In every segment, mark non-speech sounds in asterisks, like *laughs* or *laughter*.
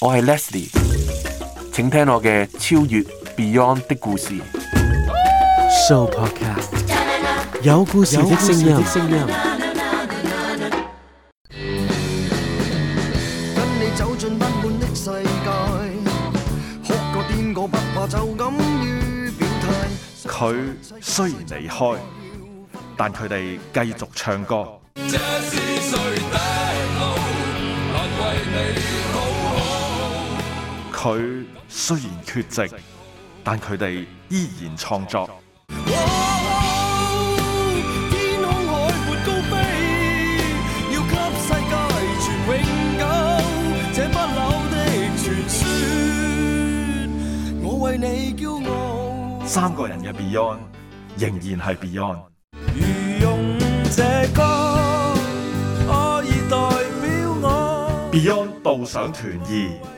我係 Leslie，請聽我嘅超越 Beyond 的故事。Show podcast 有故事的聲音。有故事的聲音。跟你走進不滿的世界，喝過癲過不怕，就敢於表態。佢雖然離開，但佢哋繼續唱歌。佢雖然缺席，但佢哋依然創作。說我為你驕傲。三個人嘅 Beyond 仍然係，啊，Beyond。Beyond 到想團圓。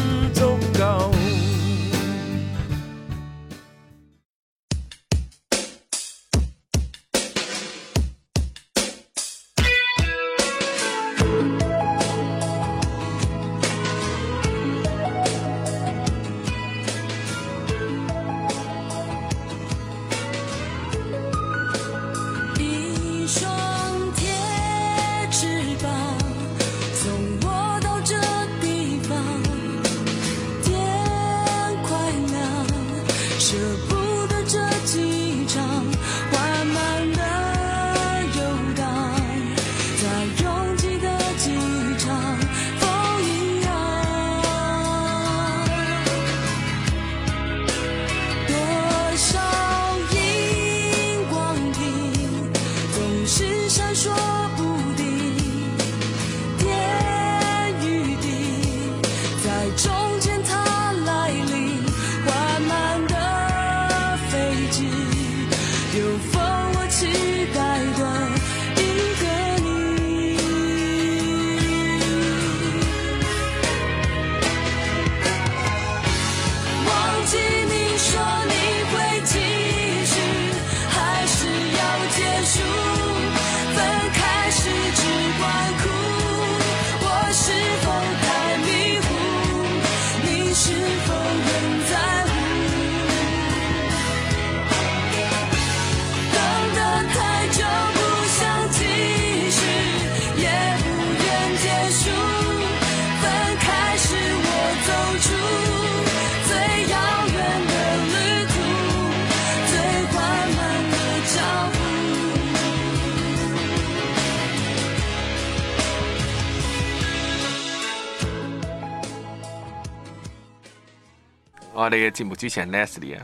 你嘅節目主持人 Leslie 啊，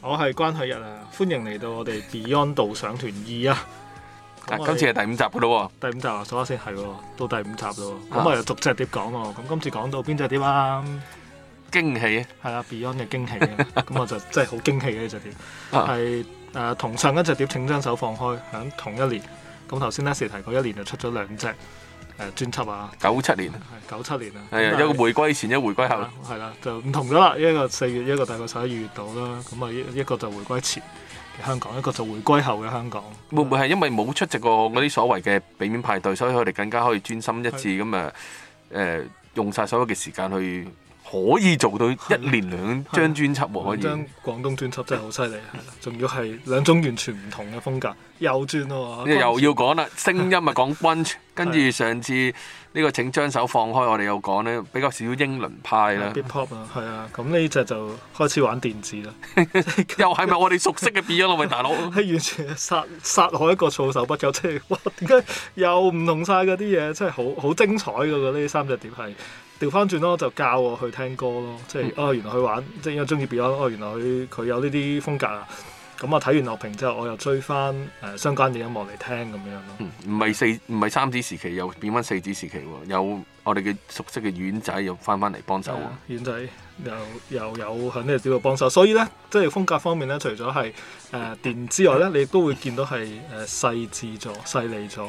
我係關海日啊，歡迎嚟到我哋 Beyond 導賞團二啊。嗱，今次係第五集噶咯，哦，第五集啊，數下先係到第五集咯。咁我又逐隻碟講喎。咁今次講到邊隻碟啊？驚喜係啊，啊 Beyond 嘅驚喜，啊。咁我就 *laughs* 真係好驚喜嘅呢隻碟，係誒同上一隻碟，請將手放開，響同一年。咁頭先 Leslie 提過，一年就出咗兩隻。誒專輯啊，九七年，九七年啊，係啊，一個回歸前，一個回歸後，係啦，就唔同咗啦。一個四月，一個大概十一月度啦。咁啊，一一個就回歸前嘅香港，一個就回歸後嘅香港。會唔會係因為冇出席過嗰啲所謂嘅避免派對，所以佢哋更加可以專心一致咁啊？誒的、呃，用晒所有嘅時間去。可以做到一年兩張專輯喎，可以。可以張廣東專輯真係好犀利，係仲要係兩種完全唔同嘅風格，又轉啊又要講啦，聲音咪講溫泉。的跟住上次呢個請將手放開，我哋又講呢，比較少英倫派啦，Big Pop 啊，係啊，咁呢隻就開始玩電子啦， *laughs* 又係咪我哋熟悉嘅 beyond *laughs* 喂，大佬，喺 *laughs* 完全殺殺海一個措手不及，即係哇，點解又唔同晒嗰啲嘢，真係好好精彩噶呢三隻碟係。 *laughs* 調翻轉咯，就教我去聽歌咯，即係、嗯、哦，原來佢玩，即係因為中意 Beyond，哦，原來佢佢有呢啲風格啊，咁啊睇完樂評之後，我又追翻誒、呃、相關嘅音樂嚟聽咁樣咯。唔係、嗯、四唔係三子時期，又變翻四子時期喎，有我哋嘅熟悉嘅丸仔又翻翻嚟幫手、嗯，丸仔又又有響呢度幫手，所以咧即係風格方面咧，除咗係誒電之外咧，你都會見到係誒、呃、細緻咗、細膩咗、誒、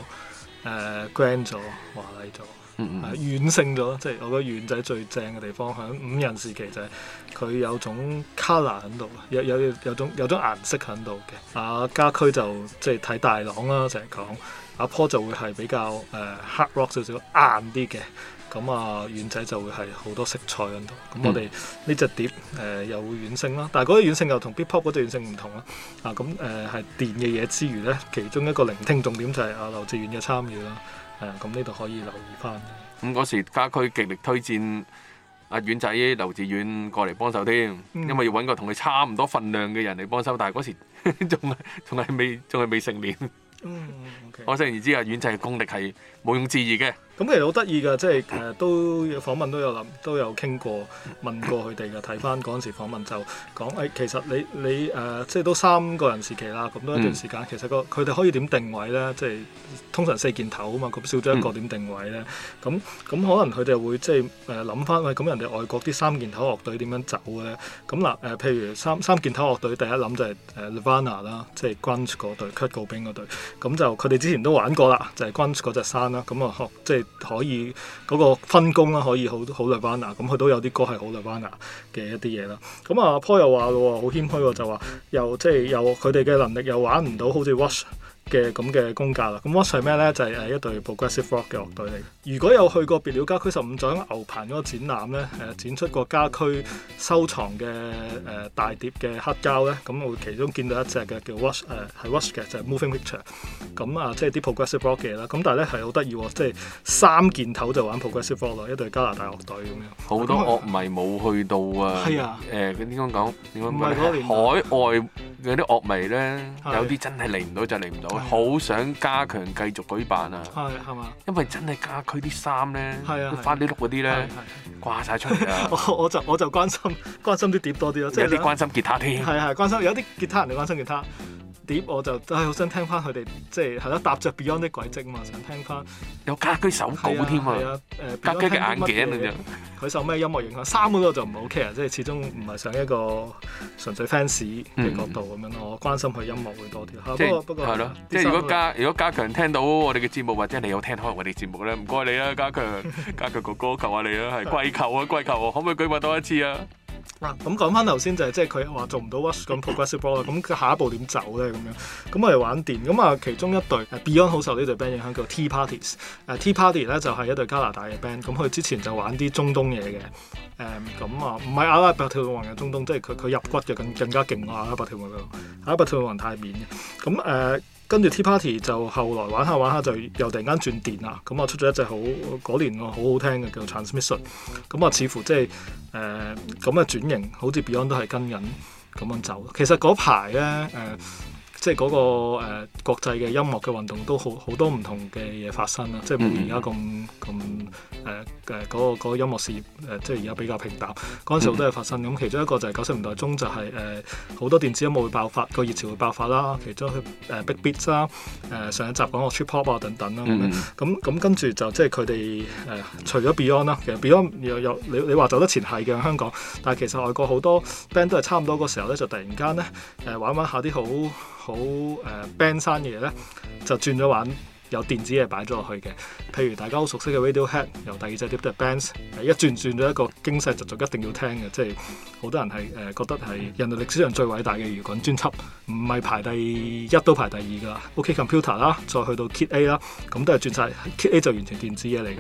呃、grand 咗、華麗咗。係、mm hmm. 軟性咗，即、就、係、是、我覺得軟仔最正嘅地方喺五人時期就係、是、佢有種 colour 喺度，有有有有種有種顏色喺度嘅。阿、啊、家駒就即係睇大朗啦、啊，成日講阿 Paul 就會係比較誒、呃、hard rock 少少硬啲嘅，咁、嗯、啊軟仔就會係好多色彩喺度。咁、mm hmm. 我哋呢隻碟誒、呃、有軟性啦，但係嗰啲軟性又同 Beat Pop 嗰隻軟性唔同啦。咁誒係電嘅嘢之餘呢，其中一個聆聽重點就係阿、啊、劉志遠嘅參與啦。係啊，咁呢度可以留意返。咁嗰時家駒極力推薦阿丸仔劉志遠過嚟幫手添，因為要揾個同佢差唔多份量嘅人嚟幫手，但係嗰時仲係仲係未仲係未成年。嗯我自然而知啊，遠仔嘅功力係毋庸置疑嘅。咁其實好得意㗎，即係誒都有訪問都有諗都有傾過問過佢哋嘅，睇翻嗰陣時訪問就講誒、哎、其實你你誒即係都三個人時期啦，咁多一段時間、嗯、其實個佢哋可以點定位咧？即、就、係、是、通常四件頭啊嘛，咁少咗一個點定位咧？咁咁、嗯嗯、可能佢哋會即係誒諗翻喂，咁、就是呃呃、人哋外國啲三件頭樂隊點樣走咧？咁嗱誒譬如三三件頭樂隊第一諗就係誒 Nirvana 啦，即係 Grunge 嗰隊 Kurt Cobain 嗰隊咁就佢哋之。之前都玩過啦，就係 Guns 嗰隻山啦，咁啊可即係可以嗰個分工啦，可以好好 relevant，咁佢都有啲歌係好 relevant 嘅一啲嘢啦。咁啊，Paul 又話咯，好謙虛喎，就話又即係、就是、又佢哋嘅能力又玩唔到，好似 Rush 嘅咁嘅風格啦，咁 Rush 咧就係、是、誒一隊 progressive rock 嘅樂隊嚟。如果有去過別了家區十五載牛棚嗰個展覽咧，誒、呃、展出過家區收藏嘅誒、呃、大碟嘅黑膠咧，咁、嗯、我其中見到一隻嘅叫 Rush 誒、呃，係 Rush 嘅就係、是、Moving Picture、嗯。咁啊，即係啲 progressive rock 嘅啦。咁但係咧係好得意喎，即係三件頭就玩 progressive rock 咯，一隊加拿大樂隊咁樣。好多樂迷冇去到啊！係啊，誒、啊，佢點講講？點講講？海外嗰啲樂迷咧，有啲的真係嚟唔到就嚟唔到。好 *music* 想加強繼續舉辦啊！係係嘛？因為真係家佢啲衫咧，翻啲碌嗰啲咧，掛晒出嚟啊！我我就我就關心關心啲碟多啲咯，即係有啲關心吉他添。係係、嗯啊、關心，有啲吉他人嚟關心吉他。我就都係好想聽翻佢哋，即係係咯，踏着 Beyond 的軌跡啊嘛，想聽翻。有家駒手稿添啊，誒，家駒嘅眼鏡嗰佢受咩音樂影響？三個都就唔係 OK 啊，即係始終唔係上一個純粹 fans 嘅角度咁樣咯，我關心佢音樂會多啲。不過不過係咯，即係如果加如果家強聽到我哋嘅節目，或者你有聽開我哋節目咧，唔該你啦。加強，家強哥哥求下你啦，係跪求啊跪求，可唔可以舉辦多一次啊？嗱，咁講翻頭先就係即係佢話做唔到 wash 咁 progressive ball 啦，咁佢下一步點走咧咁樣？咁我哋玩電咁啊，其中一隊 Beyond、啊、好受呢隊 band 影響叫 Tea Parties、啊 Tea、Party。誒 Tea Party 咧就係、是、一隊加拿大嘅 band，咁佢之前就玩啲中東嘢嘅。誒、嗯、咁啊，唔係阿拉伯跳舞王嘅中東，即係佢佢入骨嘅更更加勁阿拉伯跳舞王，阿拉伯跳舞王太面。嘅、啊。咁誒。跟住 Tea Party 就後來玩下玩下就又突然間轉電啦，咁啊出咗一隻好嗰年個好好聽嘅叫 Transmission，咁啊似乎即係誒咁嘅轉型，好似 Beyond 都係跟緊咁樣走。其實嗰排咧誒。呃即係嗰個誒、呃、國際嘅音樂嘅運動都好好多唔同嘅嘢發生啦、啊，即係冇而家咁咁誒誒嗰個音樂事業誒、呃，即係而家比較平淡嗰陣時好多嘢發生。咁其中一個就係九十年代中就係誒好多電子音樂會爆發個熱潮會爆發啦、啊，其中誒 big beat 啦，誒、呃啊呃、上一集講過 trip hop 啊等等啦、啊。咁咁、嗯嗯嗯嗯、跟住就即係佢哋誒除咗 Beyond 啦、啊，其實 Beyond 有有，有你你話走得前係嘅香港，但係其實外國好多 band 都係差唔多個時候咧，就突然間咧玩玩下啲好。好誒、呃、band 山嘅嘢呢，就轉咗玩有電子嘢擺咗落去嘅。譬如大家好熟悉嘅 Radiohead，由第二隻碟 The Bends，一轉轉咗一個經世俗俗一定要聽嘅，即係好多人係誒、呃、覺得係人類歷史上最偉大嘅搖滾專輯，唔係排第一都排第二㗎。OK Computer 啦，再去到 Kid A 啦，咁都係轉晒 Kid A 就完全電子嘢嚟㗎。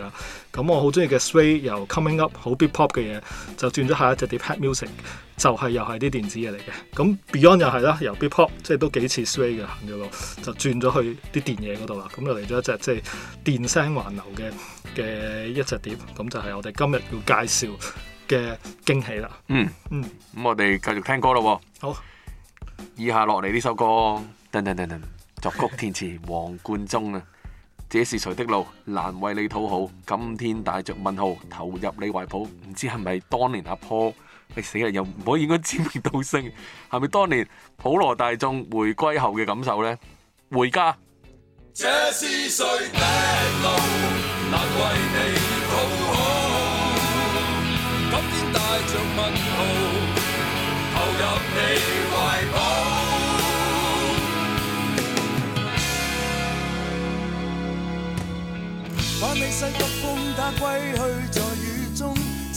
咁我好中意嘅 Suede，由 Coming Up 好 Big Pop 嘅嘢，就轉咗下一隻碟 Head Music。就係又係啲電子嘢嚟嘅，咁 Beyond 又係啦，由 Be Pop 即係都幾似 Sway 嘅行嘅路，就轉咗去啲電嘢嗰度啦，咁又嚟咗一隻即係電聲環流嘅嘅一隻碟，咁就係我哋今日要介紹嘅驚喜啦。嗯嗯，咁、嗯、我哋繼續聽歌咯。好，以下落嚟呢首歌，等、等、等、等。作曲填詞黃貫中啊，這是誰的路，難為你討好，今天帶着問號投入你懷抱，唔知係咪當年阿 Paul。你死人又唔可以應該知名道姓，係咪當年普羅大眾回歸後嘅感受咧？回家。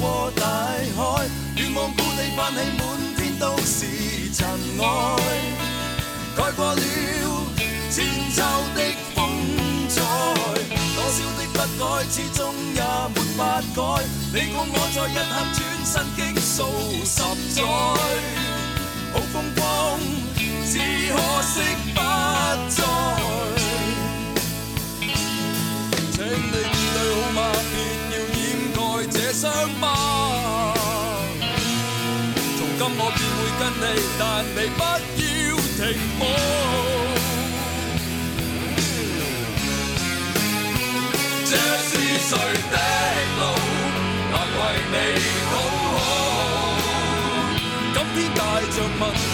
過大海，遠望故地，泛起滿天都是塵埃，蓋過了千秋的風采。多少的不改，始終也沒法改。你共我在一刻轉身，經數十載。但你不要停步，這是誰的路，難為你討好。今天帶著問。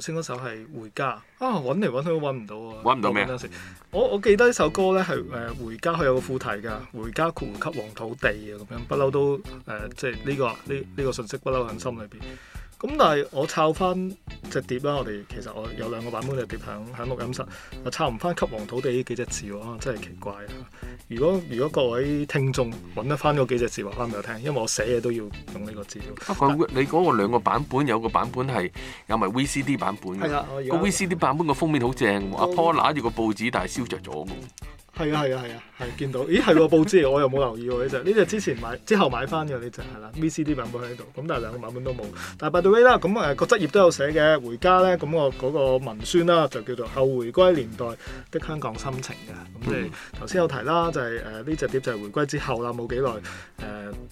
頭先嗰首係回家啊，揾嚟揾去都揾唔到啊，揾唔到咩？我我記得呢首歌咧係誒回家，佢有個副題噶，回家括弧及黃土地啊，咁樣不嬲都誒，即係呢個呢呢、呢個信息不嬲喺心裏邊。咁但係我抄翻隻碟啦，我哋其實我有兩個版本嘅碟響響錄音室，我抄唔翻吸黃土地呢幾隻字喎，真係奇怪啊！如果如果各位聽眾揾得翻嗰幾隻字話翻俾我聽，因為我寫嘢都要用呢個字。啊，個但你嗰個兩個版本有個版本係有埋 VCD 版本嘅，個 VCD 版本個封面好正，阿婆、嗯啊、拿住個報紙但係燒着咗。係啊，係啊，係啊，係見到，咦係喎報紙，我又冇留意喎呢隻，呢隻 *laughs* 之前買之後買翻嘅呢隻係啦，VCD 版本喺度，咁但係兩個版本都冇。但係 by the way 啦，咁誒個側頁都有寫嘅，回家咧，咁我嗰、嗰個文宣啦，就叫做《後回歸年代的香港心情》嘅。咁即係頭先有提啦，就係誒呢隻碟就係回歸之後啦，冇幾耐誒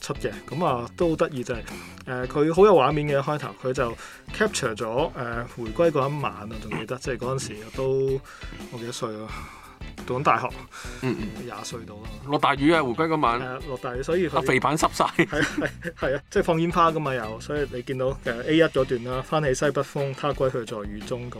出嘅。咁、呃、啊都好得意就係誒佢好有畫面嘅開頭，佢就 capture 咗誒回歸嗰一晚啊，仲記得，即係嗰陣時都我幾多歲啊？讀緊大學，嗯嗯，廿歲到咯。落大雨啊，回歸嗰晚，係啊，落大雨，所以佢肥板濕晒，係 *laughs* 啊係啊，啊，啊，即係放煙花噶嘛又，所以你見到誒 A 一嗰段啦，翻起西北風，他歸去在雨中咁。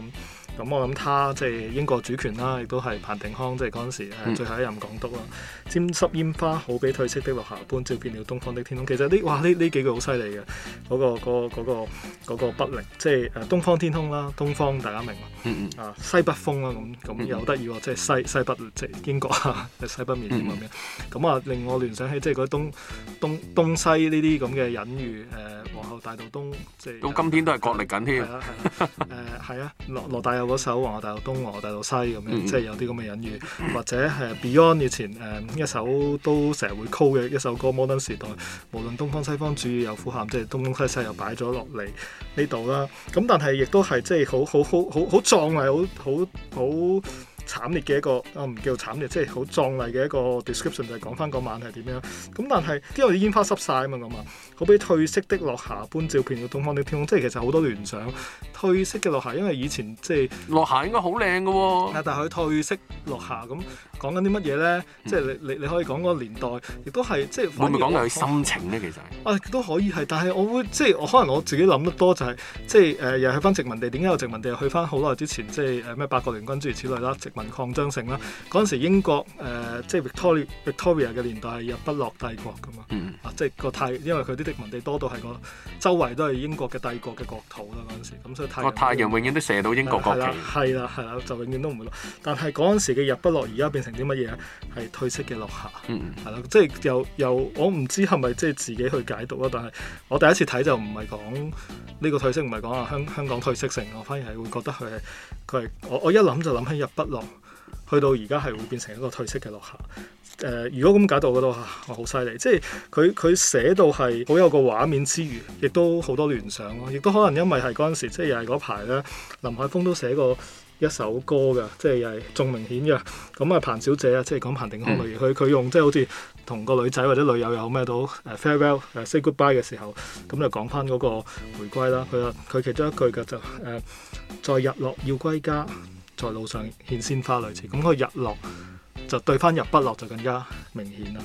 咁我諗他即係英國主權啦，亦都係彭定康即係嗰陣時最後一任港督啦。沾濕煙花，好比褪色的落霞般照遍了東方的天空。其實呢，哇呢呢幾句好犀利嘅，嗰個嗰嗰不力，即係誒東方天空啦，東方大家明嘛？西北風啊，咁咁又得意喎，即係西西北即英國啊，西北面點啊咁啊令我聯想起即係嗰東東西呢啲咁嘅隱喻誒皇后大道東即係到今天都係國力緊添誒係啊，羅羅大佑。嗰首話我大到東，話我大到西咁樣，mm hmm. 即係有啲咁嘅隱喻，或者係 Beyond 以前誒、嗯、一首都成日會 call 嘅一首歌《Modern 時代》，無論東方西方主義又腐鹹，即係東東西西又擺咗落嚟呢度啦。咁但係亦都係即係好好好好好壯麗，好好好。好慘烈嘅一個啊，唔叫做慘烈，即係好壯麗嘅一個 description 就係講翻嗰晚係點樣。咁但係因為啲煙花濕晒啊嘛，咁啊，好比褪色的落霞般照遍咗東方的天空，即係其實好多聯想。褪色嘅落霞，因為以前即係落霞應該好靚㗎喎，但係佢褪色落霞咁講緊啲乜嘢咧？即係、嗯、你你你可以講嗰個年代，亦都係即係會唔會講佢心情咧？其實都、uh, 可以係，但係我會即係我可能我自己諗得多就係、是、即係誒、呃、又去翻殖民地，點解有殖民地？又去翻好耐之前，即係咩八國聯軍諸如此類啦，擴張性啦，嗰陣時英國誒、呃、即係 Vict Victoria 嘅年代，日不落帝國噶嘛，嗯、啊即係個太，因為佢啲殖民地多到係個周圍都係英國嘅帝國嘅國土啦嗰陣時。咁、嗯、所以個太、哦、太陽永遠都射到英國國旗。係啦係啦，就永遠都唔會落。但係嗰陣時嘅日不落，而家變成啲乜嘢咧？係退色嘅落下，係啦、嗯，即係又又我唔知係咪即係自己去解讀啦。但係我第一次睇就唔係講呢個退色，唔係講啊香香港退色性。我反而係會覺得佢。佢係我我一諗就諗起日不落，去到而家係會變成一個退色嘅落霞。誒、呃，如果咁解到，我覺得，嘩，我好犀利。即係佢佢寫到係好有個畫面之餘，亦都好多聯想咯。亦都可能因為係嗰陣時，即係又係嗰排咧，林海峰都寫過。一首歌㗎，即係又係仲明顯㗎。咁啊，彭小姐啊，即係講彭定康類。佢佢、嗯、用即係好似同個女仔或者女友有咩都 uh, farewell uh, say goodbye 嘅時候，咁就講翻嗰個回歸啦。佢啊，佢其中一句嘅就誒，uh, 在日落要歸家，在路上獻鮮花類似。咁、那、佢、個、日落就對翻日不落就更加明顯啦。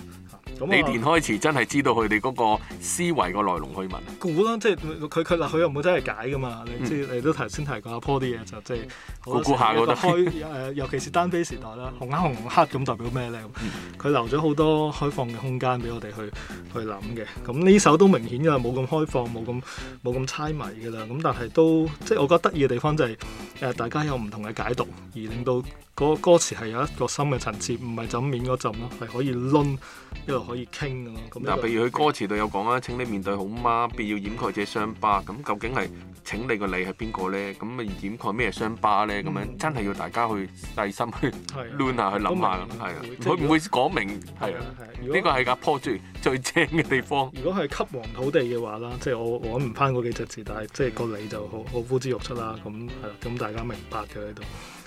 你連開始真係知道佢哋嗰個思維個來龍去脈，估啦，即係佢佢嗱，佢又冇真係解㗎嘛？嗯、你知你都頭先提過阿坡啲嘢就即、是、係估估下都得。開、呃、尤其是單飛時代啦，紅黑紅紅黑咁代表咩咧？佢、嗯、留咗好多開放嘅空間俾我哋去去諗嘅。咁呢首都明顯㗎，冇咁開放，冇咁冇咁猜謎㗎啦。咁但係都即係我覺得得意嘅地方就係、是、誒、呃，大家有唔同嘅解讀，而令到嗰個歌詞係有一個深嘅層次，唔係枕面嗰陣咯，係可以攣可以傾咯。嗱，譬如佢歌詞度有講啦，請你面對好媽，必要掩蓋這傷疤。咁究竟係請你個你係邊個咧？咁啊掩蓋咩傷疤咧？咁樣、嗯、真係要大家去細心去攣、啊、下，下、去諗下咁。係啊，佢唔會講明係啊。呢個係架坡最最正嘅地方。如果係吸黃土地嘅話啦，即、就、係、是、我揾唔返嗰幾隻字，但係即係個你就好好呼之欲出啦。咁係啦，咁、啊、大家明白嘅喺度。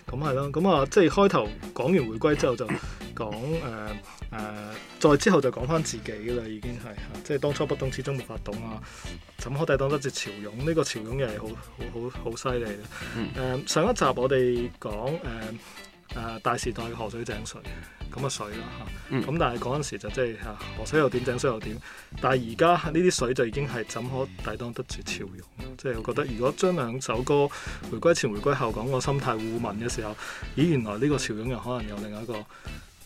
咁係咯，咁啊，即係開頭講完回歸之後就講誒。 *laughs* 嗯嗯誒、呃，再之後就講返自己啦，已經係，即係當初不懂，始終沒法懂啊！怎可抵擋得住潮湧？呢、這個潮湧又係好好好犀利嘅。誒，嗯、上一集我哋講誒誒大時代嘅河水井水咁嘅水啦嚇，咁、啊嗯、但係嗰陣時就即、是、係、啊、河水又點，井水又點。但係而家呢啲水就已經係怎可抵擋得住潮湧。即係我覺得，如果將兩首歌回歸前、回歸後講個心態互問嘅時候，咦，原來呢個潮湧又可能有另一個。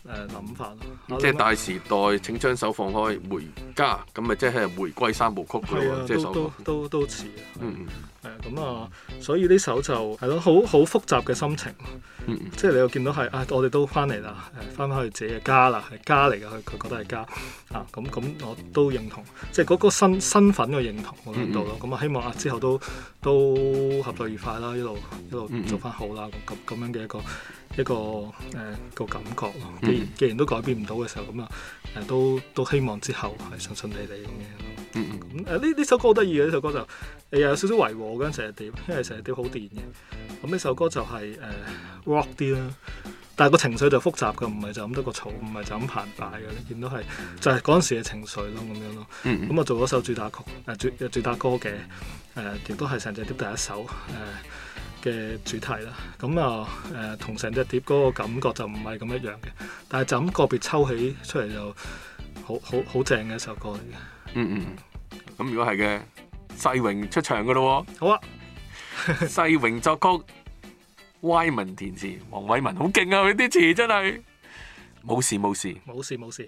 誒，諗法咯，即係大時代。請將手放開，回家咁咪即係回歸三部曲咯，即係都都都似啊，咁啊、嗯，所以呢首就係咯，好好複雜嘅心情，嗯嗯即係你又見到係啊，我哋都翻嚟啦，誒，翻翻去自己嘅家啦，係家嚟嘅。佢佢覺得係家啊，咁咁我都認同，即係嗰個身身份嘅認同我喺到咯，咁啊、嗯嗯嗯嗯嗯，希望啊之後都都合作愉快啦，一路一路做翻好啦，咁咁樣嘅一個。一個誒個感覺咯，既既然都改變唔到嘅時候咁啊，誒都都希望之後係順順利利咁樣。嗯咁誒呢呢首歌好得意，嘅呢首歌就誒有少少違和嘅成隻碟，因為成隻碟好電嘅。咁呢首歌就係誒 rock 啲啦，但係個情緒就複雜嘅，唔係就咁得個草，唔係就咁澎湃嘅。你見到係就係嗰陣時嘅情緒咯，咁樣咯。咁啊做咗首主打曲主打歌嘅誒，亦都係成隻碟第一首誒嘅主題啦，咁啊誒，同成隻碟嗰個感覺就唔係咁一樣嘅，但係就咁個別抽起出嚟就好好好，好正嘅一首歌嚟嘅，嗯。嗯嗯，咁如果係嘅，世榮出場噶咯喎。好啊， *laughs* 世榮作曲，Wyman 填詞，黃偉文好勁啊！佢啲詞真係冇事冇事，冇事冇事。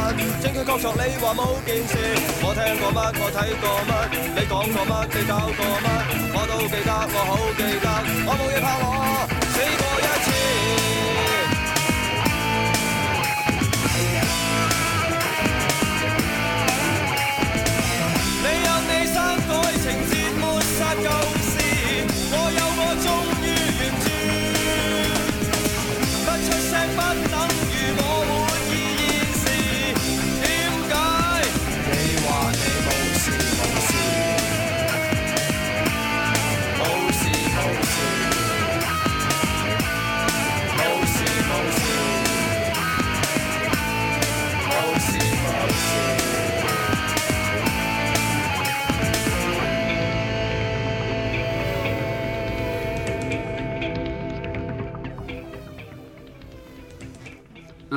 證據確鑿，你話冇件事，我聽過乜，我睇過乜，你講過乜，你搞過乜，我都記得，我好記得，我冇嘢怕我，我死過一次。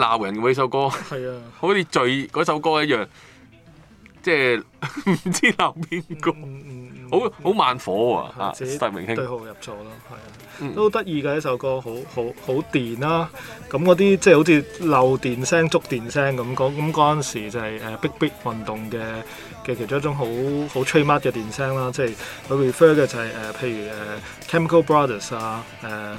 鬧人嗰首歌，係啊，好似醉嗰首歌一樣，即係唔知鬧邊個，嗯嗯嗯、好好慢火啊！啊，得自己 明星對號入座咯，係啊，都得意嘅呢首歌，好好好電啦、啊。咁嗰啲即係好似漏電聲、觸電聲咁講。咁嗰陣時就係、是、誒、uh, Big Beat 運動嘅嘅其中一種好好吹乜嘅電聲啦。即係佢 refer 嘅就係、是、誒、呃，譬如誒、uh, Chemical Brothers 啊，誒、啊。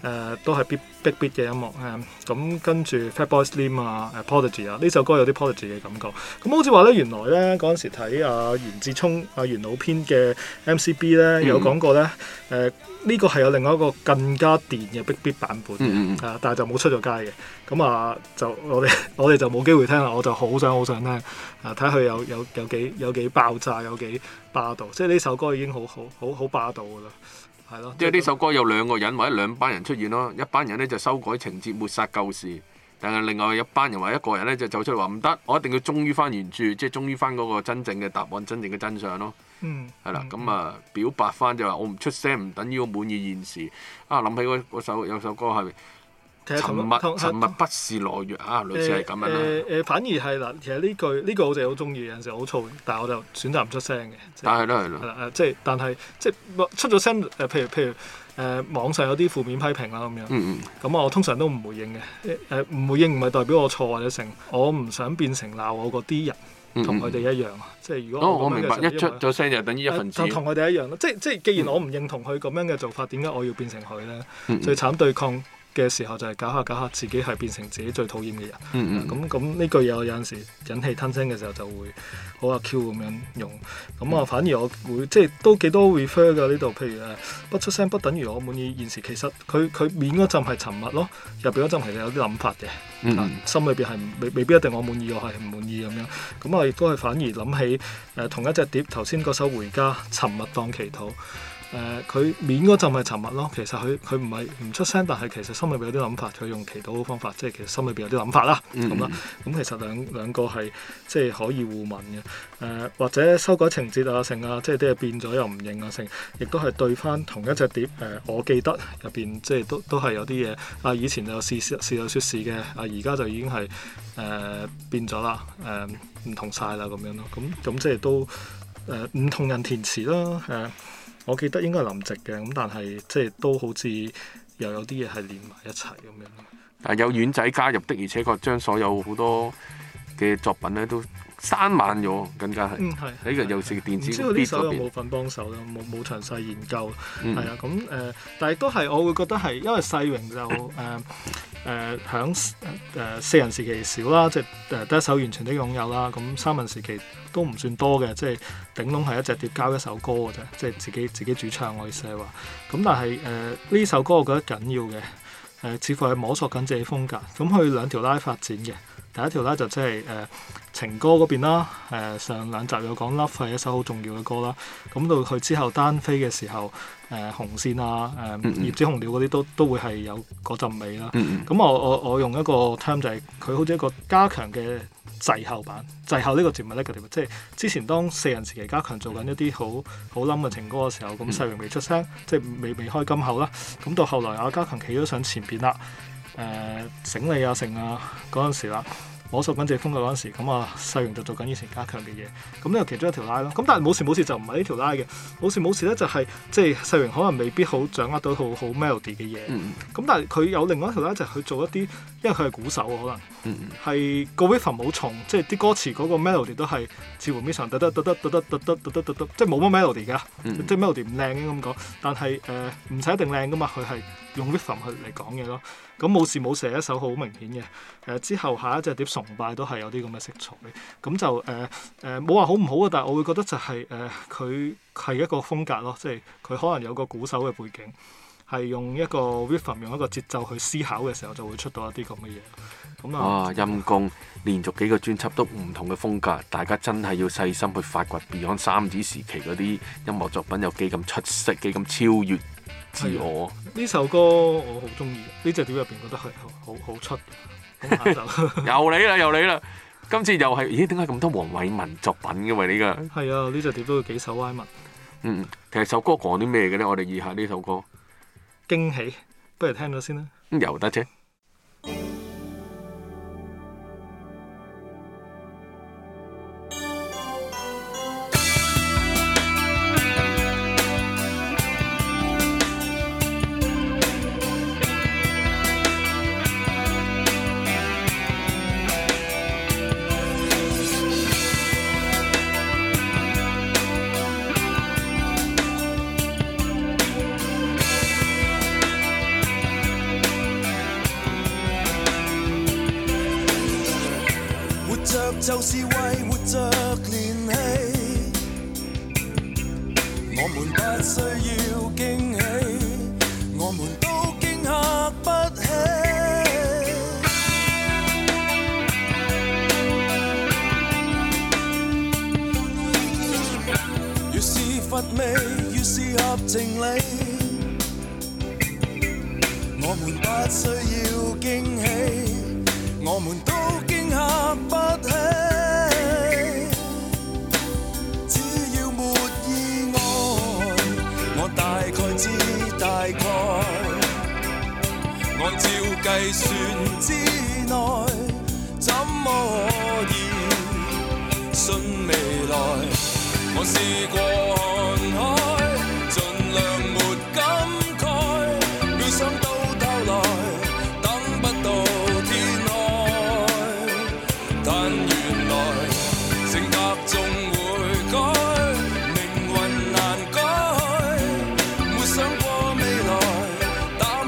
誒、呃、都係 Big Big Beat 嘅音樂咁、嗯嗯、跟住 Fat Boy Slim 啊，誒 Prodigy 啊，呢首歌有啲 Prodigy 嘅感覺。咁、嗯、好似話咧，原來咧嗰陣時睇阿、啊、袁志聰、阿、啊、袁老編嘅 MCB 咧，有講過咧，誒、呃、呢、這個係有另外一個更加電嘅 Big Beat 版本，但係就冇出咗街嘅。咁、嗯、啊，就、嗯、就我哋我哋就冇機會聽啦，我就好想好想聽啊！睇佢有有有，有幾有幾爆炸，有幾霸道，即係呢首歌已經好好好好，好霸道噶啦。係咯，即係呢首歌有兩個人或者兩班人出現咯，一班人咧就修改情節抹殺舊事，但係另外一班人或者一個人咧就走出嚟話唔得，我一定要忠於翻原著，即係忠於翻嗰個真正嘅答案、真正嘅真相咯、嗯。嗯，係啦、嗯，咁、嗯、啊，表白翻就話我唔出聲唔等於我滿意現時啊，諗起嗰嗰首有首歌係。沉默，沉默日不是懦弱啊，類似係咁樣啦。誒、呃呃、反而係嗱，其實呢句呢句我就好中意，有陣時好嘈，但係我就選擇唔出聲嘅。係係即係但係、呃、即係出咗聲、呃、譬如譬如誒網上有啲負面批評啦咁樣。咁、嗯嗯啊、我通常都唔回應嘅。誒、呃、唔回應唔係代表我錯或者成，我唔想變成鬧我嗰啲人，同佢哋一樣。即係如果我、哦，我明白，為一出咗聲就等於一份工、啊。就同佢哋一樣咯。即即係既然我唔認同佢咁樣嘅做法，點解我要變成佢咧？最慘對抗嘅時候就係搞下搞下，自己係變成自己最討厭嘅人。咁咁呢句嘢我有陣時忍氣吞聲嘅時候就會好阿 Q 咁樣用。咁啊，反而我會即係都幾多 refer 噶呢度。譬如誒，不出聲不等於我滿意。現時其實佢佢面嗰陣係沉默咯，入邊嗰陣係有啲諗法嘅。嗯嗯心裏邊係未未必一定我滿意，我係唔滿意咁樣。咁我亦都係反而諗起誒、呃、同一隻碟頭先嗰首回家，沉默當祈禱。誒佢、呃、面嗰陣咪沉默咯，其實佢佢唔係唔出聲，但係其實心裏邊有啲諗法。佢用祈禱嘅方法，即係其實心裏邊有啲諗法啦。咁咯、嗯嗯，咁、嗯、其實兩兩個係即係可以互問嘅誒，或者修改情節啊，成啊，即係啲嘢變咗又唔認啊，成亦都係對翻同一隻碟誒、呃。我記得入邊即係都都係有啲嘢啊，以前有試試有出事嘅啊，而家就已經係誒、呃、變咗啦，誒、呃、唔同晒啦咁樣咯。咁咁即係都誒唔同人填詞啦，誒、呃。我記得應該係林夕嘅，咁但係即係都好似又有啲嘢係連埋一齊咁樣。但係有丸仔加入的，而且確將所有好多嘅作品咧都。生猛咗更加係，喺個有線電視嗰邊。唔知道呢首都冇份幫手咯，冇冇邊詳細研究。係、嗯、啊，咁誒、呃，但係都係我會覺得係，因為世榮就誒誒響誒四人時期少啦，即係、呃、第一首完全的擁有啦。咁三人時期都唔算多嘅，即係頂籠係一隻碟交一首歌嘅啫，即係自己自己主唱我意思係話。咁但係誒呢首歌我覺得緊要嘅。誒、呃、似乎係摸索緊自己風格，咁佢兩條拉發展嘅，第一條拉就即係誒情歌嗰邊啦，誒、呃、上兩集有講 Love 係一首好重要嘅歌啦，咁、嗯、到佢之後單飛嘅時候，誒、呃、紅線啊，誒、呃 mm hmm。葉子紅鳥嗰啲都都會係有嗰陣味啦，咁、嗯 mm hmm。嗯、我我我用一個 term 就係、是、佢好似一個加強嘅。滯後版，滯後呢個節目呢個節目，即係之前當四人時期，家強做緊一啲好好冧嘅情歌嘅時候，咁世榮未出聲，即係未未開金口啦。咁到後來阿家強企咗上前邊啦，誒整理阿成啊嗰陣時啦。摸索緊自己風格嘅嗰陣時，咁啊世榮就做緊以前加強嘅嘢，咁呢個其中一條拉咯。咁但係冇事冇事就唔係呢條拉嘅，冇事冇事呢，就係即係世榮可能未必好掌握到好好 melody 嘅嘢。咁但係佢有另外一條拉就佢做一啲，因為佢係鼓手啊，可能係個 rhythm 重，即係啲歌詞嗰個 melody 都係似乎非常得得得得得得得得得得，即係冇乜 melody 噶，即係 melody 唔靚嘅咁講。但係誒唔使一定靚噶嘛，佢係用 rhythm 去嚟講嘢咯。咁冇事冇事一首好明顯嘅，誒、呃、之後下一隻碟崇拜都係有啲咁嘅色彩，咁就誒誒冇話好唔好啊，但係我會覺得就係誒佢係一個風格咯，即係佢可能有個鼓手嘅背景，係用一個 rhythm 用一個節奏去思考嘅時候就會出到一啲咁嘅嘢。咁啊，啊陰公連續幾個專輯都唔同嘅風格，大家真係要細心去發掘 Beyond 三子時，時期嗰啲音樂作品有幾咁出色，幾咁超越。自我呢首歌我好中意，呢隻碟入邊覺得係好好出，好難得。又你啦，又你啦，今次又係，咦？點解咁多黃偉文作品嘅嘛？呢個係啊，呢隻碟都有幾首歪文。嗯，其實首歌講啲咩嘅咧？我哋以下呢首歌驚喜，不如聽咗先啦。咁又、嗯、得啫。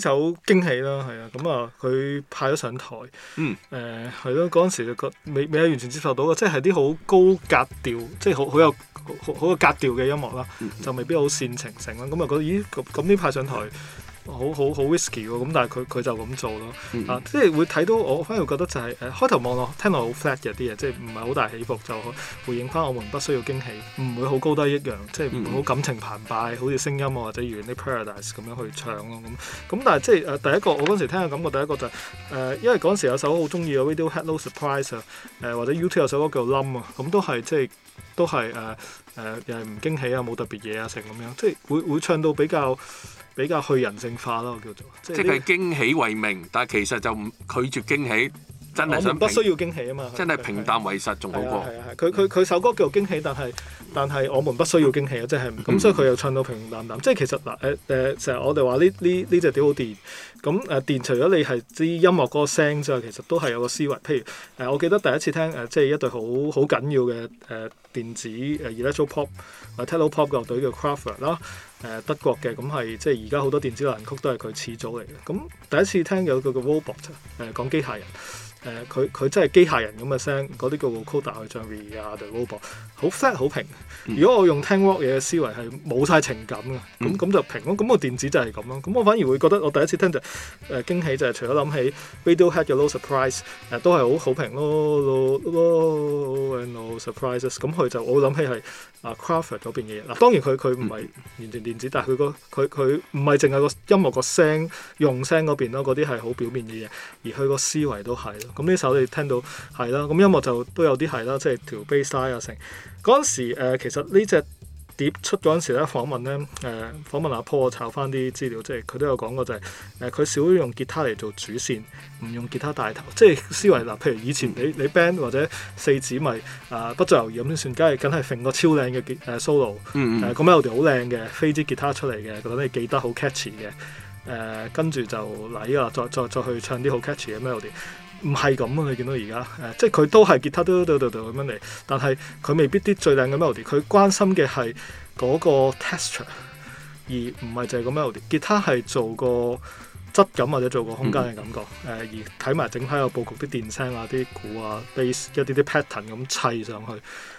呢首驚喜啦，係啊，咁啊，佢派咗上台，嗯，誒，係咯，嗰陣時就覺未未有完全接受到，即係啲好高格調，即係好好有好好有格調嘅音樂啦，就未必好煽情性啦，咁啊，覺得咦，咁咁啲派上台。好好好 whisky 喎，咁但係佢佢就咁做咯、嗯啊，即係會睇到我反而覺得就係、是、誒、啊、開頭望落聽落好 flat 嘅啲嘢，即係唔係好大起伏就回應翻我們不需要驚喜，唔會好高低一樣，即係唔會好感情澎湃，好似聲音啊或者如啲 paradise 咁樣去唱咯咁。咁、嗯嗯嗯、但係即係、啊、第一個我嗰陣時聽嘅感覺，第一個就誒、是啊，因為嗰陣時有首好中意嘅 video Hello Surprise 啊，誒或者 YouTube 有首歌叫冧、um、啊，咁、嗯、都係即係都係誒誒又係唔驚喜啊，冇特別嘢啊成咁樣，即係會會，會唱到比較。比較去人性化咯，我叫做即係這個、驚喜為名，但係其實就唔拒絕驚喜。真係想不需要驚喜啊嘛！真係平淡為實仲好過。係啊，係佢佢首歌叫做驚喜，但係但係我們不需要驚喜啊！真係咁，所以佢又唱到平淡啲。即係其實嗱誒誒，成日我哋話呢呢呢隻碟好電。咁誒電除咗你係知音樂嗰個聲之外，其實都係有個思維。譬如誒，我記得第一次聽誒，即係一對好好緊要嘅誒電子誒 electro pop 誒 tele pop 樂隊叫 Crawford 啦。誒德國嘅，咁係即係而家好多電子流行曲都係佢始祖嚟嘅。咁第一次聽有個叫 robot 誒講機械人。誒佢佢真係機械人咁嘅聲，嗰啲叫 vocoder 去唱 r e a v t o r robot，好 flat 好平。嗯、如果我用聽 rock 嘢嘅思維係冇晒情感嘅，咁咁就平。咁咁個電子就係咁咯。咁我反而會覺得我第一次聽就誒驚喜就係除咗諗起 Radiohead 嘅 no surprise，誒都係好好平咯，no no and no surprises。咁佢就我諗起係啊 Kraftwerk 嗰邊嘅嘢。嗱當然佢佢唔係完全電子，但係佢個佢佢唔係淨係個音樂個聲用聲嗰邊咯，嗰啲係好表面嘅嘢，而佢個思維都係。咁呢首你聽到係啦，咁音樂就都有啲係啦，即係條 bass line 啊成。嗰陣時誒、呃，其實呢隻碟出嗰陣時咧，訪問咧誒、呃，訪問阿 Paul，我抄翻啲資料，即係佢都有講過就係、是、誒，佢、呃、少用吉他嚟做主線，唔用吉他帶頭。即係思維嗱，譬如以前你、嗯、你，你 band 或者四指咪啊、呃、不再猶豫咁，先算係梗係揈個超靚嘅 solo，誒個 melody 好靚嘅，飛支吉他出嚟嘅，咁樣你記得好 catchy 嘅誒、呃，跟住就嗱依個再再再去唱啲好 catchy 嘅 melody。唔係咁啊！你見到而家、呃，即係佢都係吉他都都都咁樣嚟，但係佢未必啲最靚嘅 melody。佢關心嘅係嗰個 texture，而唔係就係個 melody。吉他係做個質感或者做個空間嘅感覺，誒、嗯呃，而睇埋整體個佈局啲電聲啊、啲鼓啊、bass 一啲啲 pattern 咁砌上去，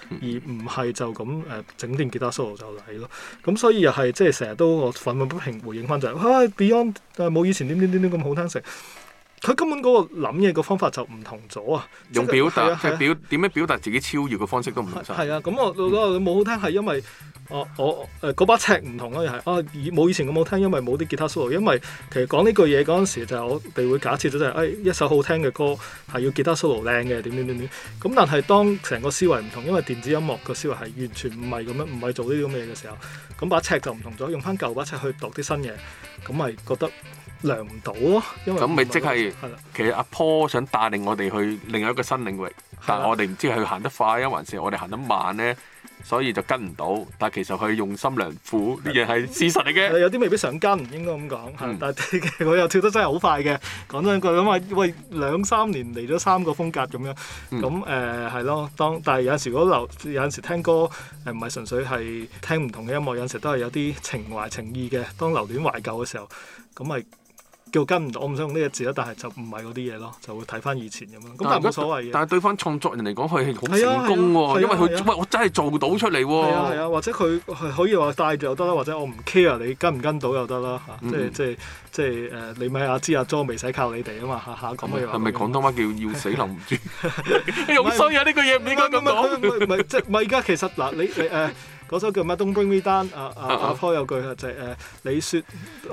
而唔係就咁誒、呃、整啲吉他 solo 就嚟咯。咁所以又係即係成日都我憤憤不平回應翻就係、是、啊 Beyond，冇以前點點點點咁好聽食。佢根本嗰個諗嘢個方法就唔同咗啊！用表達，即係表點樣表達自己超越嘅方式都唔同曬。係啊，咁我老實講冇好聽，係因為、啊、我我誒嗰把尺唔同咯，又係啊，冇以前咁好聽，因為冇啲吉他 solo。因為其實講呢句嘢嗰陣時，就係我哋會假設咗、就是，就係誒一首好聽嘅歌係要吉他 solo 靚嘅點點點點。咁但係當成個思維唔同，因為電子音樂嘅思維係完全唔係咁樣，唔係做呢啲咁嘅嘢嘅時候，咁把尺就唔同咗，用翻舊把尺去讀啲新嘢，咁咪覺得。量唔到啊！咁咪即係是的其實阿 Paul 想帶領我哋去另外一個新領域，的但係我哋唔知佢行得快，還是我哋行得慢呢，所以就跟唔到。但係其實佢用心良苦，呢樣係事實嚟嘅。有啲未必想跟，應該咁講。但係佢又跳得真係好快嘅。講真句咁話，喂，兩三年嚟咗三個風格咁樣。咁誒係咯，當但係有陣時如果留，有陣時聽歌唔係純粹係聽唔同嘅音樂，有陣時都係有啲情懷情意嘅。當留戀懷舊嘅時候，咁咪～叫跟唔到，我唔想用呢個字啦，但係就唔係嗰啲嘢咯，就會睇翻以前咁樣。咁但係冇所謂嘅。但係對翻創作人嚟講，佢係好成功喎，啊啊啊、因為佢、啊、喂我真係做到出嚟喎、哦。係啊係啊，啊，或者佢可以話帶住又得啦，或者我唔 care 你，你跟唔跟到又得啦、嗯、即係即係即係誒、呃，你咪阿芝阿莊，未使靠你哋啊嘛嚇嚇，講乜嘢啊？係咪、嗯、廣東話叫要死留唔住。你咁衰啊！呢是句嘢唔應該咁講？唔係即係唔係而家其實嗱， *laughs* 你你誒。Uh, 嗰首叫乜《Don't Bring Me Down》啊啊，阿 Paul、uh oh. 有句就係、是、誒、啊，你説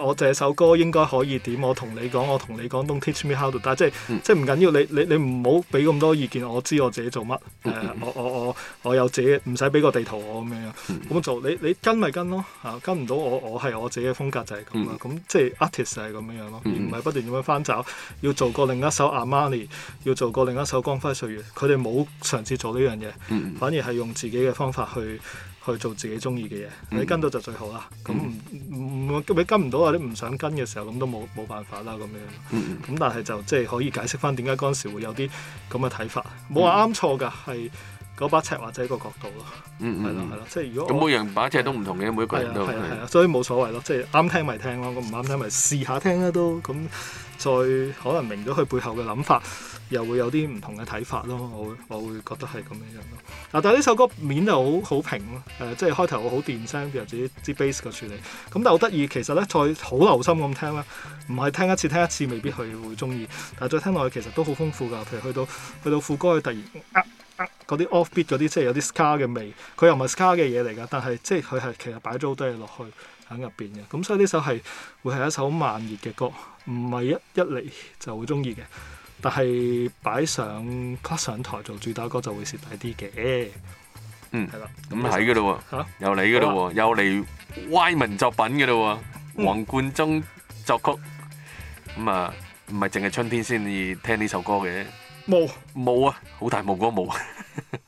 我這首歌應該可以點？我同你講，我同你講，Don't Teach Me How To，但係、就是嗯、即係即係唔緊要，你你你唔好俾咁多意見，我知我自己做乜誒、啊嗯，我我我我有自己，唔使俾個地圖我咁樣咁、嗯、做。你你跟咪跟咯、啊、跟唔到我，我係我自己嘅風格就係咁樣。咁即係 artist 就係咁樣樣咯，嗯、而唔係不斷咁樣翻找要做過另一首《Armani》，要做過另一首《光輝歲月》。佢哋冇嘗試做呢樣嘢，反而係用自己嘅方法去。去做自己中意嘅嘢，嗯、你跟到就最好啦。咁唔唔，你跟唔到或者唔想跟嘅時候，咁都冇冇辦法啦。咁樣，咁、嗯嗯、但係就即係、就是、可以解釋翻點解嗰陣時會有啲咁嘅睇法，冇話啱錯㗎，係。嗰把尺或者一個角度咯，嗯，係咯係咯，即係如果咁每樣把尺都唔同嘅，每個人都係，係啊，所以冇所謂咯，即係啱聽咪聽咯，咁唔啱聽咪試下聽啦都，咁再可能明咗佢背後嘅諗法，又會有啲唔同嘅睇法咯，我會我會覺得係咁樣樣咯。嗱，但係呢首歌面就好好平咯，呃，即係開頭好電聲，譬如自己啲 bass 嘅處理，咁但係好得意，其實咧再好留心咁聽啦。唔係聽一次聽一次未必佢會中意，但係再聽落去其實都好豐富㗎，譬如去到去到副歌佢突然。啊嗰啲 off beat 嗰啲，即係有啲 scar 嘅味，佢又唔係 scar 嘅嘢嚟㗎，但係即係佢係其實擺咗好多嘢落去喺入邊嘅，咁、嗯、所以呢首係會係一首慢熱嘅歌，唔係一一嚟就會中意嘅，但係擺上 p 上台做主打歌就會蝕底啲嘅，嗯，係啦，咁係嘅咯喎，嗯啊、又嚟嘅咯喎，吧又嚟歪文作品嘅咯喎，黃貫中作曲，咁、嗯嗯、啊唔係淨係春天先至聽呢首歌嘅。冇冇啊，好大霧嗰個霧。 *laughs*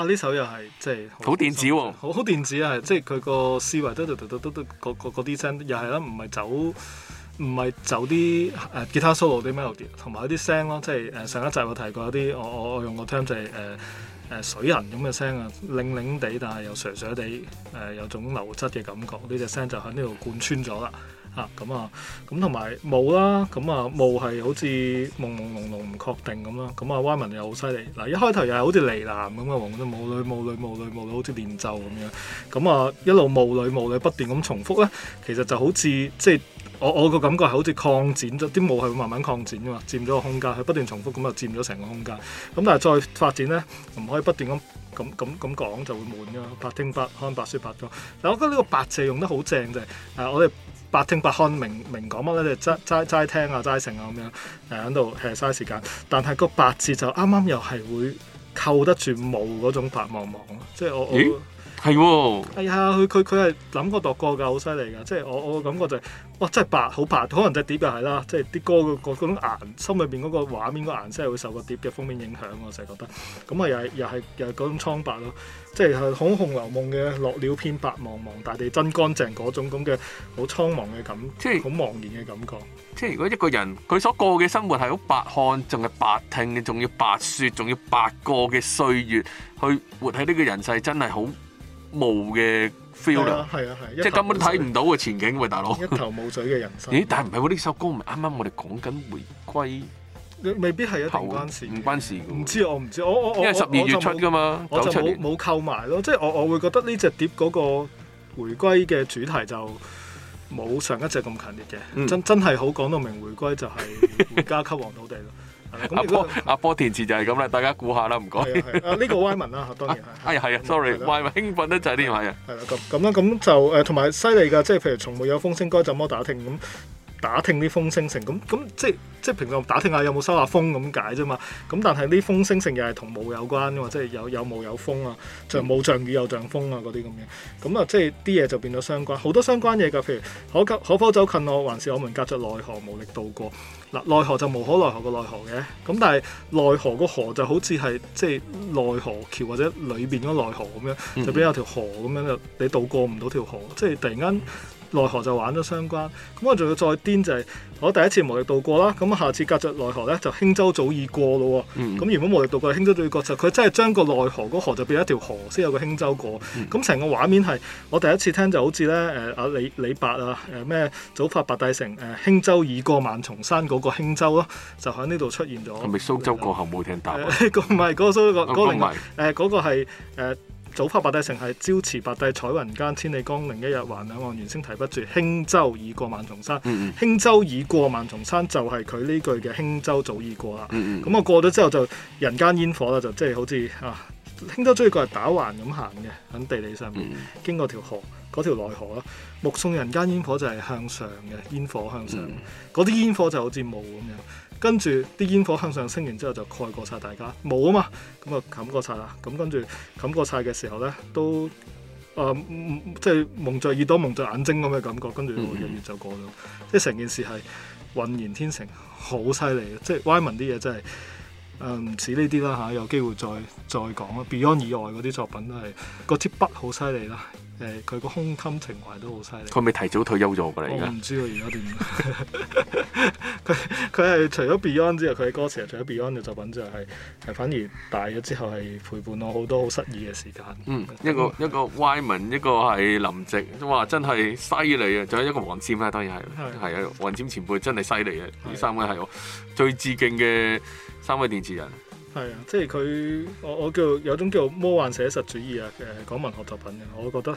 啊！呢首又係即係好電子喎，好好電子啊，即係佢個思維都都都都都嗰嗰啲聲，又係啦，唔係走唔係走啲誒吉他 solo 啲 melody，同埋啲聲咯，即係誒上一集我提過有啲我我我用個 term 就係誒誒水銀咁嘅聲啊，擰擰地但係又傻傻地誒，有種流質嘅感覺，呢隻聲就喺呢度貫穿咗啦。咁啊，咁同埋霧啦，咁啊，霧係好似朦朦朧朧唔確定咁啦。咁啊歪文又好犀利嗱，一開頭又係好似離男咁啊，霧女、霧女、霧女、霧女，好似練習咁樣，咁啊一路霧女、霧女，不斷咁重複咧，其實就好似即係我我個感覺係好似擴展咗，啲霧係會慢慢擴展㗎嘛，佔咗個空間，佢不斷重複咁就佔咗成個空間。咁但係再發展咧，唔可以不斷咁咁咁咁講，就會悶㗎。白聽白看白說白多，但我覺得呢個白字用得好正啫，誒我哋。百聽百看明明講乜咧，你齋齋齋聽啊，齋剩啊咁樣，誒喺度 hea 曬時間。但係個八字就啱啱又係會扣得住毛嗰種白茫茫咯，即係我我。我係喎，係啊、哦！佢佢佢係諗過度過㗎，好犀利㗎。即係我我嘅感覺就係、是、哇、哦，真係白好白，可能隻碟又係啦。即係啲歌個個嗰種顏心裏邊嗰個畫面嗰顏色係會受個碟嘅封面影響。我成日覺得咁啊、 *laughs* 嗯，又係又係又係嗰種蒼白咯。即係好《紅樓夢》嘅落了片白茫茫大地真乾淨嗰種咁嘅好蒼茫嘅感，即係是好茫然嘅感覺。即係如果一個人佢所過嘅生活係好白看，仲係白聽，仲要白説，仲要白過嘅歲月，去活喺呢個人世，真係好。霧嘅 feel 啦，係啊係，啊啊即係根本睇唔到嘅前景喂，大佬一頭霧水嘅人生。咦？但係唔係喎，呢首歌唔係啱啱我哋講緊回歸，未必係一定關事，唔關事。唔知我唔知，我知我我因為十二月出噶嘛，我就冇冇購埋咯。即係年我、就是、我，我會覺得呢隻碟嗰個回歸嘅主題就冇上一隻咁強烈嘅，真真係好講到明回歸就係回家吸黃土地咯。 *laughs* 阿波阿、啊、波填詞就係咁啦，大家估下啦，唔該。呢個歪文啦，當然係。哎係呀啊，sorry，歪文興奮得就係啲咁嘅。係啦，咁咁啦，咁就誒，同埋犀利㗎，即係譬如從沒有風聲該怎麼打聽咁，打聽啲風聲成咁咁，即係即係平常打聽下有冇收下風咁解啫嘛。咁但係啲風聲成又係同霧有關，即係有有霧有風啊，有有像冇像雨有像風啊嗰啲咁嘅。咁啊，即係啲嘢就變咗相關，好多相關嘢㗎。譬如可可否走近我，還是我們隔着奈何無力渡過。嗱，奈河就無可奈何個奈河嘅，咁但係奈河個河就好似係即係奈河橋或者裏邊嗰奈河咁樣，嗯、哼就變有條河咁樣，就你渡過唔到條河，即係突然間。嗯奈何就玩咗相關，咁我仲要再癲就係、是、我第一次無力渡過啦，咁下次隔着奈何咧就輕舟早已過咯喎。咁原本無力渡過輕舟早已過就佢真係將個奈何嗰河就變成一條河先有個輕舟過，咁成、嗯、個畫面係我第一次聽就好似咧誒阿李李、呃、白啊誒咩早發白帝城誒輕舟已過萬重山嗰個輕舟咯，就喺呢度出現咗。係咪蘇州過後冇艇搭、啊？唔係嗰個蘇州過嗰個誒嗰個係、啊啊那個早發白帝城係朝辭白帝彩雲間，千里江陵一日還，兩岸猿聲啼不住，輕舟已過萬重山。輕舟、嗯嗯、已過萬重山就係佢呢句嘅輕舟早已過啦。咁我過咗之後就人間煙火啦，就即係好似啊輕舟追已過嚟打橫咁行嘅喺地理上面、嗯嗯、經過條河嗰條內河咯。目送人間煙火就係向上嘅煙火向上，嗰啲煙火就好似霧咁樣。跟住啲煙火向上升完之後就蓋過晒大家冇啊嘛，咁啊冚過晒啦，咁跟住冚過晒嘅時候呢，都啊、呃、即係蒙著耳朵蒙著眼睛咁嘅感覺，跟住月月就過咗。嗯嗯即係成件事係渾然天成，好犀利即係 Wyman 啲嘢真係唔似呢啲啦嚇。有機會再再講 Beyond 以外嗰啲作品都係嗰支筆好犀利啦。誒佢個胸襟情懷都好犀利。佢咪提早退休咗㗎啦，而家。我唔知啊，而家點？佢佢係除咗 Beyond 之後，佢嘅歌詞，除咗 Beyond 嘅作品，就係誒反而大咗之後係陪伴我好多好失意嘅時間。嗯，一個一個 Wyman，一個係林夕，哇！真係犀利啊！仲有一個黃霑，啦，當然係，係啊，黃霑前輩真係犀利啊！呢三位係我最致敬嘅三位填詞人。係啊，即係佢，我我叫有種叫魔幻寫實主義啊，誒，講文學作品嘅，我覺得